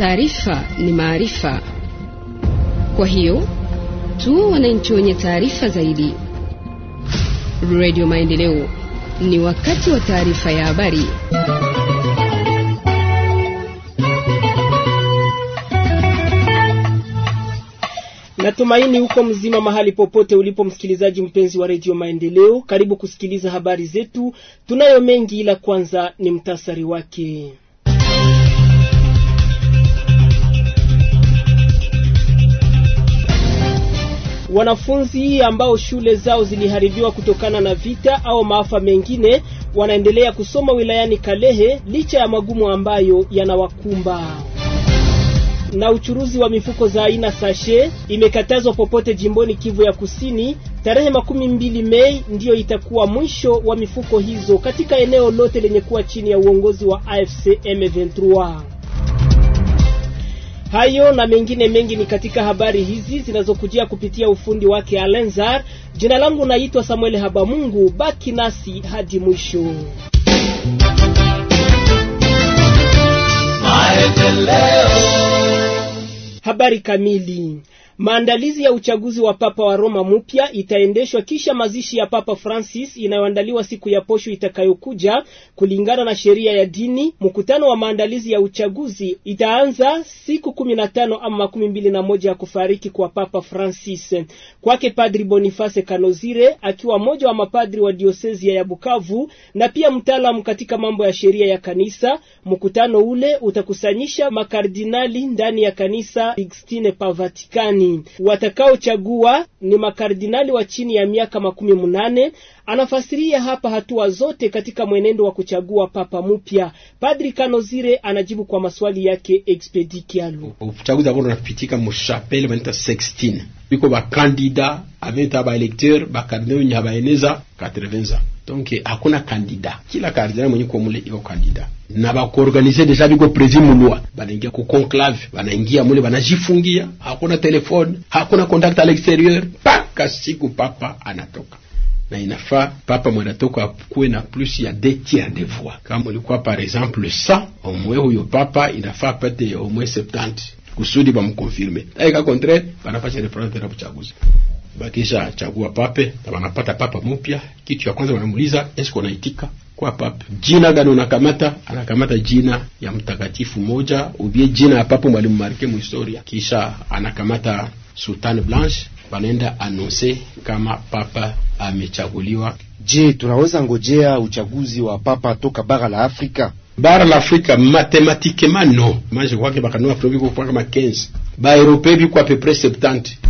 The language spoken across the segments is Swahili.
Taarifa ni maarifa, kwa hiyo tu wananchi wenye taarifa zaidi. Radio Maendeleo, ni wakati wa taarifa ya habari. Natumaini huko mzima mahali popote ulipo, msikilizaji mpenzi wa redio Maendeleo, karibu kusikiliza habari zetu. Tunayo mengi, ila kwanza ni mtasari wake. Wanafunzi ambao shule zao ziliharibiwa kutokana na vita au maafa mengine wanaendelea kusoma wilayani Kalehe licha ya magumu ambayo yanawakumba. Na uchuruzi wa mifuko za aina sashe imekatazwa popote jimboni Kivu ya Kusini. Tarehe makumi mbili Mei ndiyo itakuwa mwisho wa mifuko hizo katika eneo lote lenye kuwa chini ya uongozi wa AFC M23. Hayo na mengine mengi ni katika habari hizi zinazokujia kupitia ufundi wake Alenzar. Jina langu naitwa Samuel Habamungu, baki nasi hadi mwisho. Habari kamili Maandalizi ya uchaguzi wa papa wa Roma mpya itaendeshwa kisha mazishi ya Papa Francis inayoandaliwa siku ya posho itakayokuja kulingana na sheria ya dini. Mkutano wa maandalizi ya uchaguzi itaanza siku kumi na tano ama makumi mbili na moja ya kufariki kwa Papa Francis. Kwake Padri Boniface Kanozire akiwa mmoja wa mapadri wa diosezia ya Bukavu na pia mtaalamu katika mambo ya sheria ya kanisa, mkutano ule utakusanyisha makardinali ndani ya kanisa Sixtine pa Vatikani jamii. Watakaochagua ni makardinali wa chini ya miaka makumi munane. Anafasiria hapa hatua zote katika mwenendo wa kuchagua papa mpya. Padri Kanozire anajibu kwa maswali yake Expedi Kialu. Uchaguzi ambao unapitika mushapele manita 16 biko bakandida aventa baelekteur bakardinali wenye habaeneza 80 donc hakuna kandida kila kardinali mwenye kuomule iko kandida na bakuorganize deja biko prezi mulwa banaingia ku conclave banaingia mule banajifungia, hakuna telefone, hakuna contact al exterieur mpaka siku papa anatoka na inafaa papa mwenatoka kuwe na plus ya deux tiers de voix. Kama ulikuwa par exemple sa omwe huyo papa inafaa pate omwe septante kusudi bamkonfirme. Aika contraire banafanya referendum tena kuchaguzi bakisha chagua pape na wanapata papa mupya, kitu ya kwanza wanamuuliza esko wanaitika kwa pape, Jina gani unakamata? Anakamata jina ya mtakatifu moja ubie jina ya papa mwalimu Marke muhistoria, kisha anakamata Sultani Blanche, wanaenda anonse kama papa amechaguliwa. Je, tunaweza ngojea uchaguzi wa papa toka bara la Afrika? Bara la Afrika matematikema no manje kwake bakanua Afro kwa kama 15 ba Europe biko a peu 70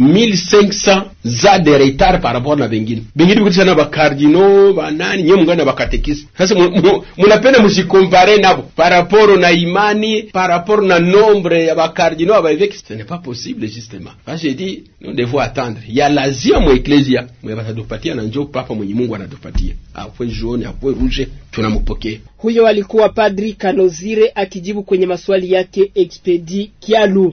1500 za de retard par rapport na bengine bengine kuti sana bakardino banani nyewe mungana bakatekisi sasa munapenda musikompare nabo par rapport na imani par rapport na nombre ya bakardino abaeveki ce n'est pas possible justement Je dit nous devons attendre ya lazima mu ecclesia mwe pape na njo papa mwenye Mungu anatupatia apwe jaune apwe rouge tunamupokea. Huyo alikuwa Padri Kanozire akijibu kwenye maswali yake Expedi Kialu.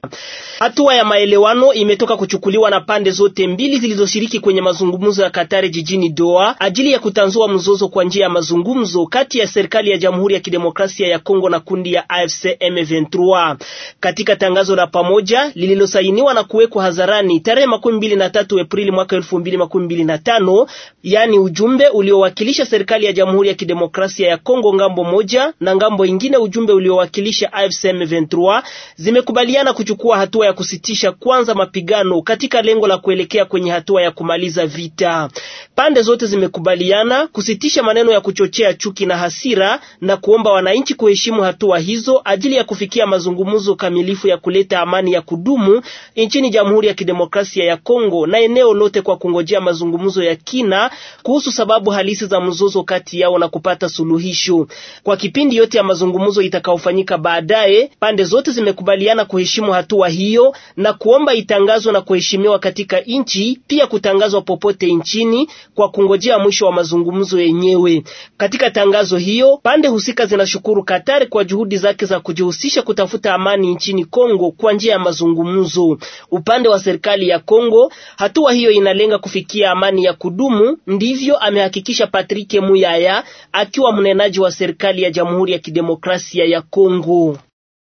Hatua ya maelewano imetoka kuchukuliwa na pande zote mbili zilizoshiriki kwenye mazungumzo ya Katari jijini Doha ajili ya kutanzua mzozo kwa njia ya mazungumzo kati ya serikali ya Jamhuri ya Kidemokrasia ya Kongo na kundi ya AFC M23. Katika tangazo la pamoja lililosainiwa na kuwekwa hadharani tarehe makumi mbili na tatu Aprili mwaka elfu mbili makumi mbili na tano, yaani ujumbe uliowakilisha serikali ya Jamhuri ya Kidemokrasia Demokrasia ya Kongo ngambo moja na ngambo ingine ujumbe uliowakilisha AFC M23 zimekubaliana kuchukua hatua ya kusitisha kwanza mapigano katika lengo la kuelekea kwenye hatua ya kumaliza vita. Pande zote zimekubaliana kusitisha maneno ya kuchochea chuki na hasira na kuomba wananchi kuheshimu hatua hizo ajili ya kufikia mazungumzo kamilifu ya kuleta amani ya kudumu nchini Jamhuri ya Kidemokrasia ya Kongo na eneo lote kwa kungojea mazungumzo ya kina kuhusu sababu halisi za mzozo kati yao na kupata suluhu suluhisho. Kwa kipindi yote ya mazungumzo itakayofanyika baadaye, pande zote zimekubaliana kuheshimu hatua hiyo na kuomba itangazwe na kuheshimiwa katika nchi, pia kutangazwa popote nchini kwa kungojea mwisho wa mazungumzo yenyewe. Katika tangazo hiyo, pande husika zinashukuru Katari kwa juhudi zake za kujihusisha kutafuta amani nchini Kongo kwa njia ya mazungumzo. Upande wa serikali ya Kongo, hatua hiyo inalenga kufikia amani ya kudumu, ndivyo amehakikisha Patrick Muyaya akiwa mnenaji wa serikali ya Jamhuri ya Kidemokrasia ya Kongo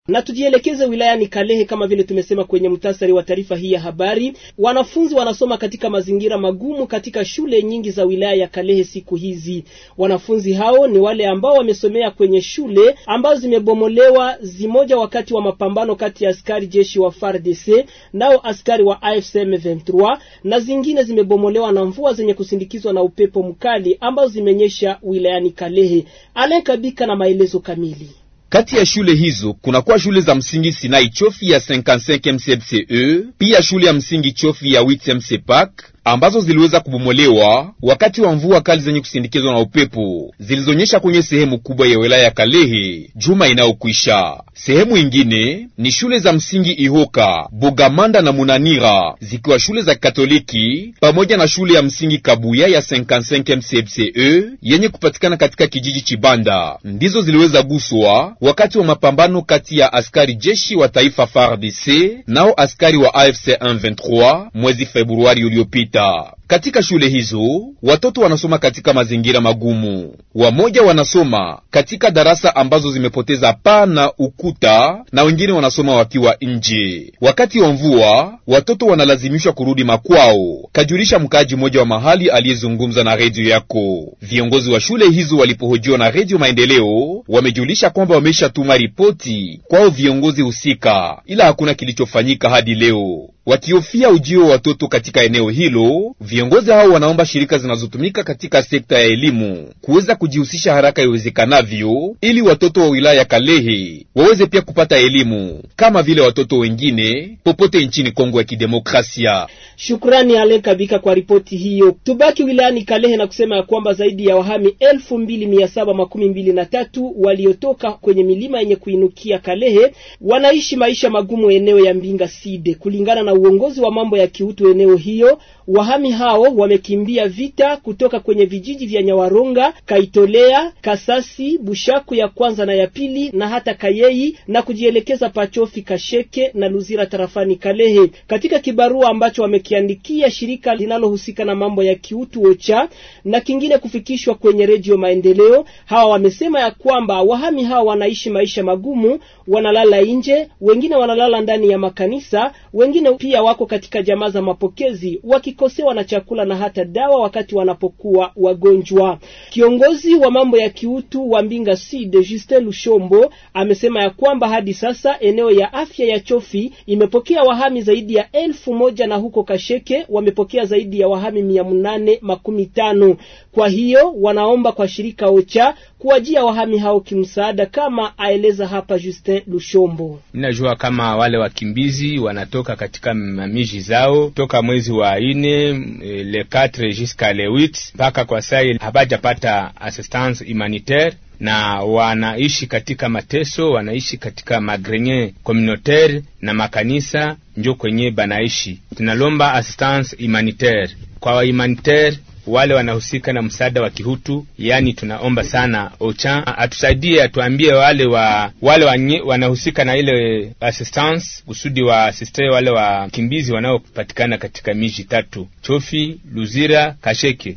na tujielekeze wilayani Kalehe kama vile tumesema kwenye mtasari wa taarifa hii ya habari. Wanafunzi wanasoma katika mazingira magumu katika shule nyingi za wilaya ya Kalehe siku hizi. Wanafunzi hao ni wale ambao wamesomea kwenye shule ambazo zimebomolewa zimoja wakati wa mapambano kati ya askari jeshi wa FARDC nao askari wa AFC M23 na zingine zimebomolewa na mvua zenye kusindikizwa na upepo mkali ambazo zimenyesha wilayani Kalehe. Alenka Bika na maelezo kamili. Kati ya shule hizo kunakuwa shule za msingi Sinai Chofi ya 55 MCFCE, pia shule ya msingi Chofi ya 8 MCPAC ambazo ziliweza kubomolewa wakati wa mvua kali zenye kusindikizwa na upepo zilizonyesha kwenye sehemu kubwa ya wilaya ya Kalehe juma inayokwisha. Sehemu ingine ni shule za msingi Ihoka, Bogamanda na Munanira zikiwa shule za Katoliki pamoja na shule ya msingi Kabuya ya 55 MCBCE yenye kupatikana katika kijiji Chibanda ndizo ziliweza guswa wakati wa mapambano kati ya askari jeshi wa taifa FARDC nao askari wa AFC 123 mwezi Februari uliopita. 的。Katika shule hizo watoto wanasoma katika mazingira magumu. Wamoja wanasoma katika darasa ambazo zimepoteza paa na ukuta, na wengine wanasoma wakiwa nje. Wakati wa mvua watoto wanalazimishwa kurudi makwao, kajulisha mkaaji mmoja wa mahali aliyezungumza na redio yako. Viongozi wa shule hizo walipohojiwa na redio Maendeleo wamejulisha kwamba wameshatuma ripoti kwao viongozi husika, ila hakuna kilichofanyika hadi leo, wakihofia ujio wa watoto katika eneo hilo. Viongozi hao wanaomba shirika zinazotumika katika sekta ya elimu kuweza kujihusisha haraka iwezekanavyo, ili watoto wa wilaya ya Kalehe waweze pia kupata elimu kama vile watoto wengine popote nchini Kongo ya Kidemokrasia. Shukrani Kabika kwa ripoti hiyo. Tubaki wilayani Kalehe na kusema ya kwamba zaidi ya wahami elfu mbili mia saba makumi mbili na tatu waliotoka kwenye milima yenye kuinukia Kalehe wanaishi maisha magumu eneo ya Mbinga Side, kulingana na uongozi wa mambo ya kiutu eneo hiyo wahami hao hao wamekimbia vita kutoka kwenye vijiji vya Nyawaronga, Kaitolea, Kasasi, Bushaku ya kwanza na ya pili na hata Kayei na kujielekeza Pachofi, Kasheke na Luzira tarafani Kalehe. Katika kibarua ambacho wamekiandikia shirika linalohusika na mambo ya kiutu OCHA na kingine kufikishwa kwenye Redio Maendeleo, hawa wamesema ya kwamba wahami hawa wanaishi maisha magumu, wanalala nje, wengine wanalala ndani ya makanisa, wengine pia wako katika jamaa za mapokezi wakikosewa na chakula na hata dawa wakati wanapokuwa wagonjwa. Kiongozi wa mambo ya kiutu wa Mbinga Sud, Justin Lushombo, amesema ya kwamba hadi sasa eneo ya afya ya Chofi imepokea wahami zaidi ya elfu moja na huko Kasheke wamepokea zaidi ya wahami mia munane makumi tano. Kwa hiyo wanaomba kwa shirika OCHA kuwajia wahami hao kimsaada, kama aeleza hapa Justin Lushombo. Mnajua kama wale wakimbizi wanatoka katika mamiji zao toka mwezi wa ine Eh, le 4 jusqu'à le 8 mpaka kwa sai habajapata assistance humanitaire na wanaishi katika mateso, wanaishi katika magrenye communautaire na makanisa njo kwenye banaishi. Tunalomba assistance humanitaire kwa humanitaire wale wanahusika na msaada wa kihutu, yaani tunaomba sana OCHA atusaidie, atuambie wale wa wale wanye, wanahusika na ile assistance kusudi waasiste wale wakimbizi wanaopatikana katika miji tatu Chofi, Luzira, Kasheke.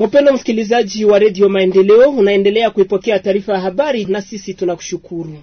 Mpendwa msikilizaji wa redio Maendeleo, unaendelea kuipokea taarifa ya habari na sisi tunakushukuru.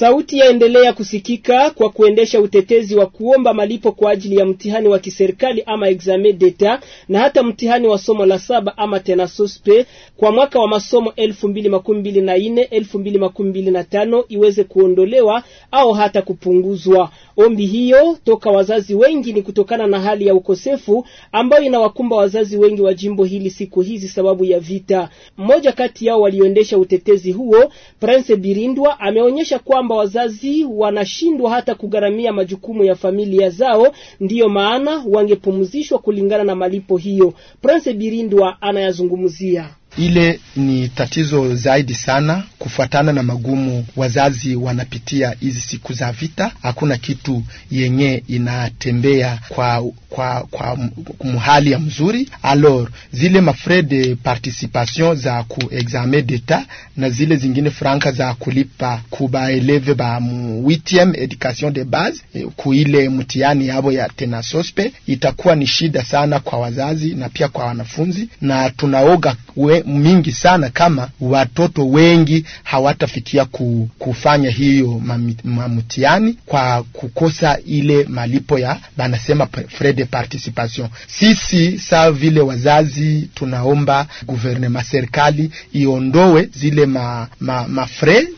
Sauti yaendelea kusikika kwa kuendesha utetezi wa kuomba malipo kwa ajili ya mtihani wa kiserikali ama examen d'etat na hata mtihani wa somo la saba ama tena sospe kwa mwaka wa masomo 2024 2025 iweze kuondolewa au hata kupunguzwa. Ombi hiyo toka wazazi wengi ni kutokana na hali ya ukosefu ambayo inawakumba wazazi wengi wa jimbo hili siku hizi sababu ya vita. Mmoja kati yao waliendesha utetezi huo, Prince Birindwa, ameonyesha kwamba wazazi wanashindwa hata kugharamia majukumu ya familia zao, ndiyo maana wangepumzishwa kulingana na malipo hiyo. Prince Birindwa anayazungumzia ile ni tatizo zaidi sana kufuatana na magumu wazazi wanapitia hizi siku za vita. Hakuna kitu yenye inatembea kwa kwa kwa mhali ya mzuri. Alors zile mafrais de participation za ku examen d'etat na zile zingine franka za kulipa kubaeleve ba 8e education de base eh, kuile mtihani yabo ya tenasospe itakuwa ni shida sana kwa wazazi na pia kwa wanafunzi, na tunaoga we, mingi sana kama watoto wengi hawatafikia ku, kufanya hiyo mamutiani kwa kukosa ile malipo ya banasema frede participation. Sisi saa vile wazazi tunaomba guvernema serikali iondoe zile ma, ma, ma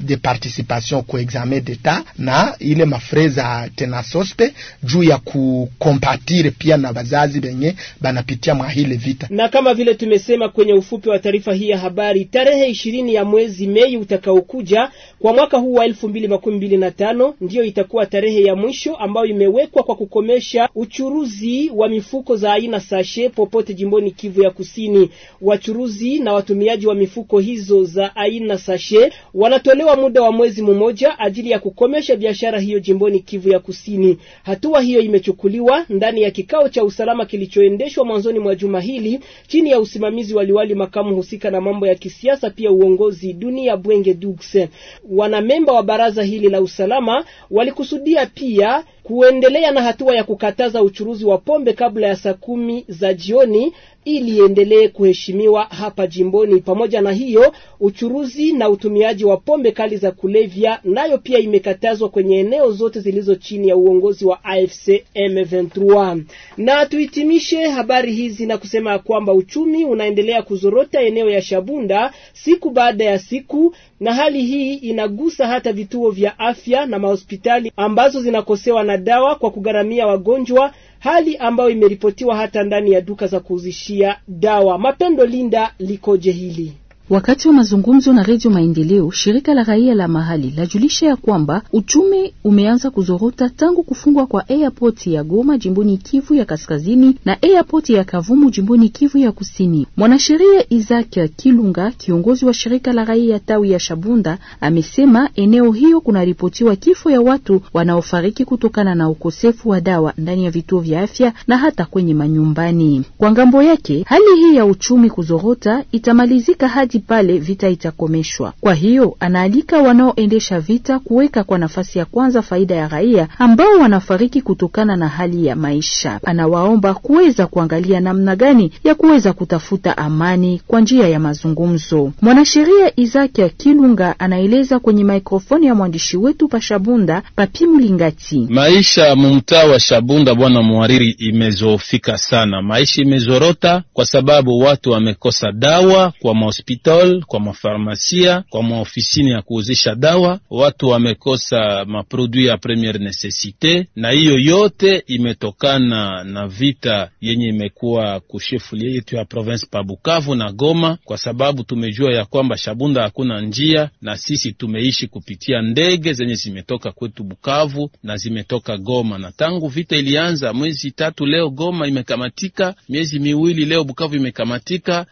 de participation ku examen deta na ile mafrais za tenasospe juu ya kukompatire pia na wazazi benye banapitia mwahile vita, na kama vile tumesema kwenye ufupi wa taarifa taarifa hii ya habari tarehe ishirini ya mwezi Mei utakaokuja kwa mwaka huu wa elfu mbili makumi mbili na tano ndiyo itakuwa tarehe ya mwisho ambayo imewekwa kwa kukomesha uchuruzi wa mifuko za aina sashe popote jimboni Kivu ya Kusini. Wachuruzi na watumiaji wa mifuko hizo za aina sashe wanatolewa muda wa mwezi mmoja ajili ya kukomesha biashara hiyo jimboni Kivu ya Kusini. Hatua hiyo imechukuliwa ndani ya kikao cha usalama kilichoendeshwa mwanzoni mwa juma hili chini ya usimamizi wa liwali makamu wanaohusika na mambo ya kisiasa pia uongozi dunia Bwenge Dugse. Wanamemba wa baraza hili la usalama walikusudia pia kuendelea na hatua ya kukataza uchuruzi wa pombe kabla ya saa kumi za jioni ili iendelee kuheshimiwa hapa jimboni. Pamoja na hiyo, uchuruzi na utumiaji wa pombe kali za kulevya nayo pia imekatazwa kwenye eneo zote zilizo chini ya uongozi wa AFC M23. Na tuhitimishe habari hizi na kusema ya kwamba uchumi unaendelea kuzorota eneo ya Shabunda siku baada ya siku, na hali hii inagusa hata vituo vya afya na mahospitali ambazo zinakosewa na dawa kwa kugharamia wagonjwa, hali ambayo imeripotiwa hata ndani ya duka za kuuzishia dawa. Mapendo Linda, likoje hili? Wakati wa mazungumzo na Redio Maendeleo, shirika la raia la mahali lajulisha ya kwamba uchumi umeanza kuzorota tangu kufungwa kwa airport ya Goma jimboni Kivu ya kaskazini na airport ya Kavumu jimboni Kivu ya kusini. Mwanasheria Isaac Kilunga, kiongozi wa shirika la raia tawi ya Shabunda, amesema eneo hiyo kunaripotiwa kifo ya watu wanaofariki kutokana na ukosefu wa dawa ndani ya vituo vya afya na hata kwenye manyumbani. Kwa ngambo yake, hali hii ya uchumi kuzorota itamalizika hadi wakati pale vita itakomeshwa. Kwa hiyo anaalika wanaoendesha vita kuweka kwa nafasi ya kwanza faida ya raia ambao wanafariki kutokana na hali ya maisha. Anawaomba kuweza kuangalia namna gani ya kuweza kutafuta amani kwa njia ya mazungumzo. Mwanasheria Isaac Kilunga anaeleza kwenye maikrofoni ya mwandishi wetu Pashabunda Papi Mulingati. Maisha mumtaa wa Shabunda, bwana mwariri, imezoofika sana, maisha imezorota kwa sababu watu wamekosa dawa kwa mahospitali mastol, kwa mafarmasia, kwa maofisini ya kuuzisha dawa. Watu wamekosa maprodui ya premier necessite, na hiyo yote imetokana na vita yenye imekuwa kushefulia yetu ya province pa Bukavu na Goma, kwa sababu tumejua ya kwamba Shabunda hakuna njia, na sisi tumeishi kupitia ndege zenye zimetoka kwetu Bukavu na zimetoka Goma, na tangu vita ilianza mwezi tatu, leo Goma imekamatika, miezi miwili leo Bukavu imekamatika.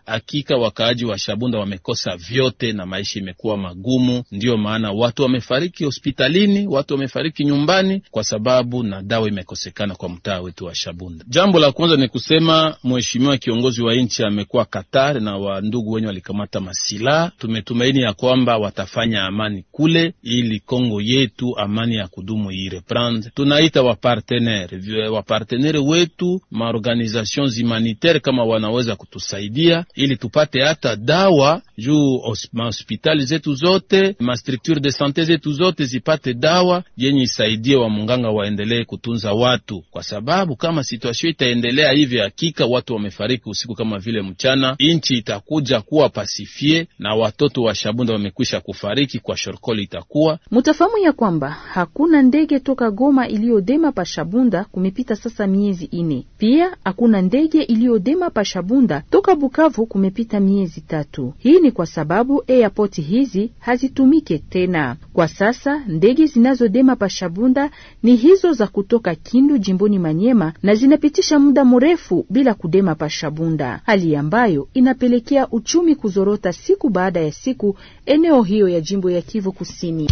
Hakika wakaaji wa Shabunda wamekosa vyote na maisha imekuwa magumu. Ndiyo maana watu wamefariki hospitalini, watu wamefariki nyumbani, kwa sababu na dawa imekosekana kwa mtaa wetu wa Shabunda. Jambo la kwanza ni kusema mheshimiwa kiongozi wa nchi amekuwa Qatar na wandugu wenye walikamata masilaha. Tumetumaini ya kwamba watafanya amani kule, ili Kongo yetu amani ya kudumu ireprendre. Tunaita wapartenere wapartenere wetu maorganizations humanitaire kama wanaweza kutusaidia ili tupate hata dawa juu mahospitali zetu zote mastrukture de sante zetu zote zipate dawa yenye isaidie wa munganga waendelee kutunza watu, kwa sababu kama situation itaendelea hivi, hakika watu wamefariki usiku kama vile mchana. Inchi itakuja kuwa pasifie na watoto wa Shabunda wamekwisha kufariki kwa shorkoli itakuwa. Mutafahamu ya kwamba hakuna ndege toka Goma iliyodema pa Shabunda kumepita sasa miezi ine, pia hakuna ndege iliyodema pa Shabunda toka Bukavu kumepita miezi tatu. Hii ni kwa sababu airport hizi hazitumike tena kwa sasa. Ndege zinazodema pashabunda ni hizo za kutoka Kindu jimboni Manyema, na zinapitisha muda mrefu bila kudema pashabunda, hali ambayo inapelekea uchumi kuzorota siku baada ya siku eneo hiyo ya jimbo ya Kivu Kusini.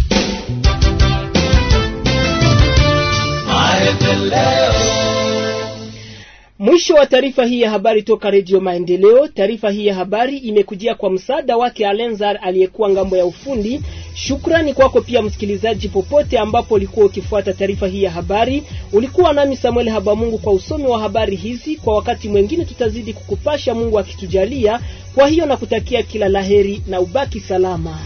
Mwisho wa taarifa hii ya habari toka Redio Maendeleo. Taarifa hii ya habari imekujia kwa msaada wake Alenzar aliyekuwa ngambo ya ufundi. Shukrani kwako pia msikilizaji, popote ambapo ulikuwa ukifuata taarifa hii ya habari. Ulikuwa nami Samuel Habamungu kwa usomi wa habari hizi. Kwa wakati mwengine tutazidi kukupasha, Mungu akitujalia. Kwa hiyo nakutakia kila laheri na ubaki salama.